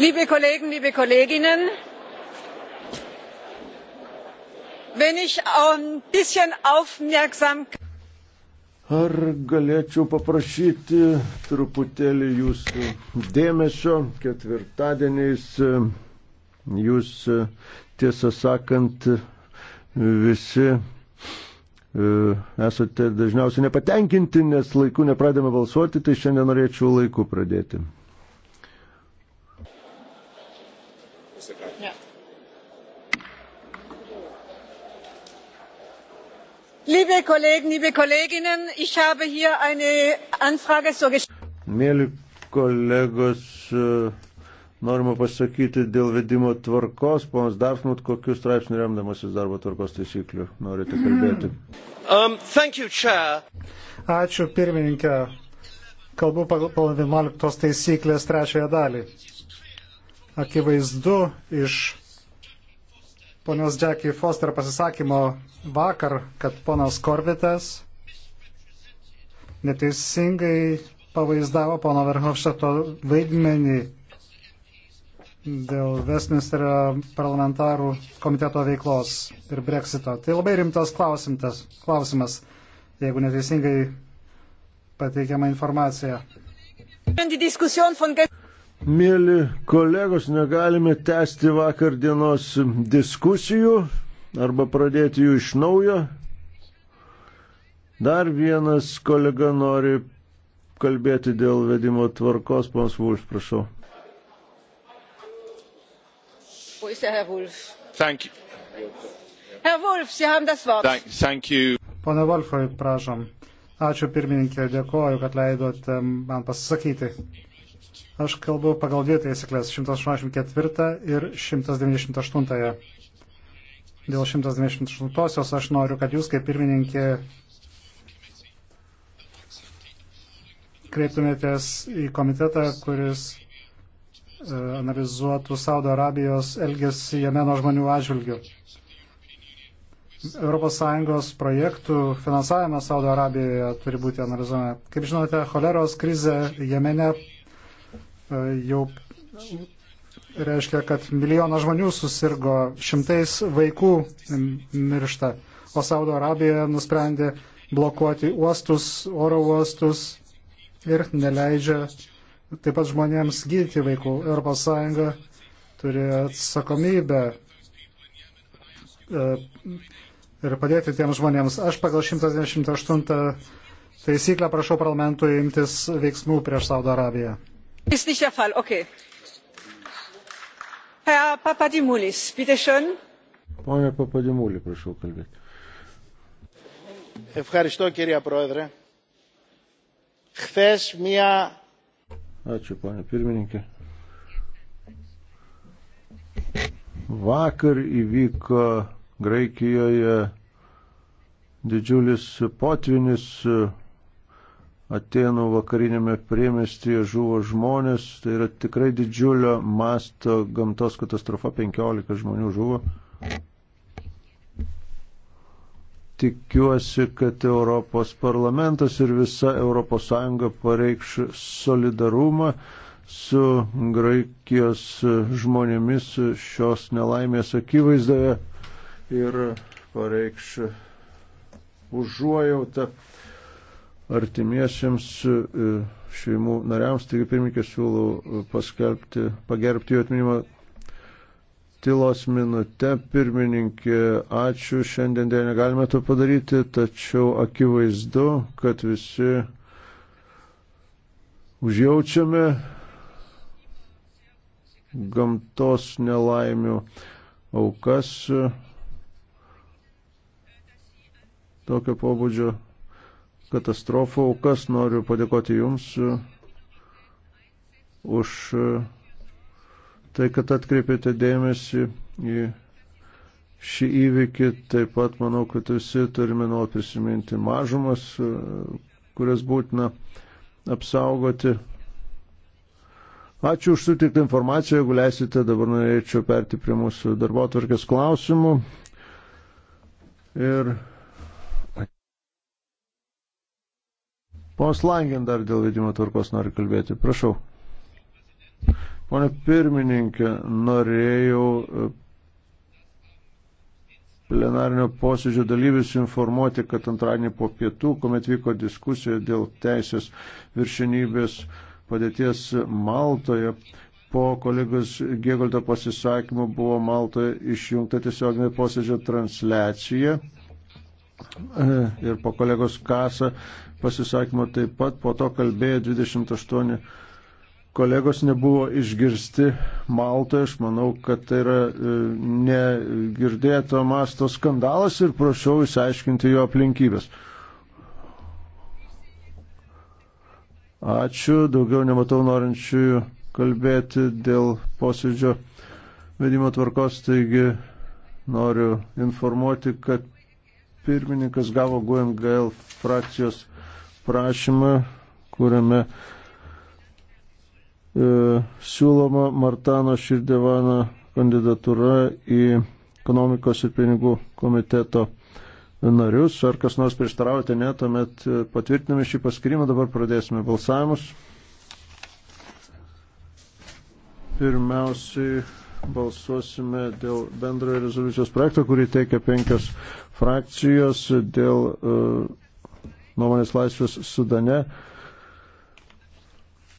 liebe kollegen liebe kolleginnen wenn ich ein bisschen aufmerksamkeit Ar galėčiau paprašyti truputėlį jūsų dėmesio ketvirtadieniais? Jūs, tiesą sakant, visi e, esate dažniausiai nepatenkinti, nes laiku nepradėme balsuoti, tai šiandien norėčiau laiku pradėti. Liebe Kollegen, liebe Kolleginnen, ich habe hier eine Anfrage zur Mėly kolegos, e, norima pasakyti dėl vedimo tvarkos. Ponas Dafnut, kokius straipsnių remdamasis darbo tvarkos taisyklių norite kalbėti? Hmm. Um, you, chair. Ačiū pirmininkė. Kalbu pagal 11 taisyklės trečiąją dalį. Akivaizdu iš ponios Jackie Foster pasisakymo vakar, kad ponas Korvitas neteisingai pavaizdavo pono Verhofštato vaidmenį dėl Westminsterio parlamentarų komiteto veiklos ir breksito. Tai labai rimtas klausimtas, klausimas, jeigu neteisingai pateikiama informacija. Mėly kolegos, negalime tęsti vakar dienos diskusijų arba pradėti jų iš naujo. Dar vienas kolega nori kalbėti dėl vedimo tvarkos. Pons Vulf, prašau. Pone Volfai, prašom. Ačiū pirmininkė, dėkoju, kad leidote man pasisakyti. Aš kalbu pagal dvi taisyklės - 184 ir 198. Dėl 198 aš noriu, kad jūs kaip pirmininkė kreiptumėtės į komitetą, kuris e, analizuotų Saudo Arabijos elgesį Jemeno žmonių atžvilgių. ES projektų finansavimas Saudo Arabijoje turi būti analizuojama. Kaip žinote, choleros krizė Jemene E, jau reiškia, kad milijonas žmonių susirgo, šimtais vaikų miršta, o Saudo Arabija nusprendė blokuoti uostus, oro uostus ir neleidžia taip pat žmonėms gydyti vaikų. ES turi atsakomybę e, ir padėti tiems žmonėms. Aš pagal 128 taisyklę prašau parlamentui imtis veiksmų prieš Saudo Arabiją ist nicht der fall okay. Herr Papadimulis, bitte schön. Pone Papadimulį, prašau kalbėti. Ευχαριστώ κυρία Πρόεδρε. Χθες μία... Ačiū, ponė pirmininkė. Vakar įvyko Graikijoje didžiulis potvinis Atenų vakarinėme priemestyje žuvo žmonės, tai yra tikrai didžiulio masto gamtos katastrofa, 15 žmonių žuvo. Tikiuosi, kad Europos parlamentas ir visa ES pareikš solidarumą su Graikijos žmonėmis šios nelaimės akivaizdoje ir pareikš užuojautą artimiesiems e, šeimų nariams. Taigi pirmininkė siūlau e, paskelbti, pagerbti jų atminimą tylos minute. Pirmininkė, ačiū, šiandien dėl negalime to padaryti, tačiau akivaizdu, kad visi užjaučiame gamtos nelaimių aukas tokio pobūdžio katastrofų aukas. Noriu padėkoti Jums e, už e, tai, kad atkreipėte dėmesį į šį įvykį. Taip pat manau, kad visi turime nuolat prisiminti mažumas, e, kurias būtina apsaugoti. Ačiū už sutiktą informaciją, jeigu leisite, dabar norėčiau perti prie mūsų darbo tvarkės klausimų. Ir Ponas Langin dar dėl vedimo tvarkos nori kalbėti. Prašau. Pone pirmininkė, norėjau e, plenarinio posėdžio dalyvius informuoti, kad antradienį po pietų, kuomet vyko diskusija dėl teisės viršinybės padėties Maltoje, po kolegos Gėgoldo pasisakymų buvo Maltoje išjungta tiesioginė posėdžio transliacija. E, ir po kolegos kasą pasisakymo taip pat po to kalbėjo 28 kolegos nebuvo išgirsti Maltoje. Aš manau, kad tai yra e, negirdėto masto skandalas ir prašau įsiaiškinti jo aplinkybės. Ačiū, daugiau nematau norinčiųjų kalbėti dėl posėdžio vedimo tvarkos, taigi noriu informuoti, kad pirmininkas gavo GUNGL frakcijos prašymą, kuriame e, siūloma Martano Širdevano kandidatūra į ekonomikos ir pinigų komiteto narius. Ar kas nors prieštaraujate, ne, tuomet e, patvirtiname šį paskirimą, dabar pradėsime balsavimus. Pirmiausiai balsuosime dėl bendrojo rezoliucijos projekto, kurį teikia penkios frakcijos dėl uh, nuomonės laisvės Sudane.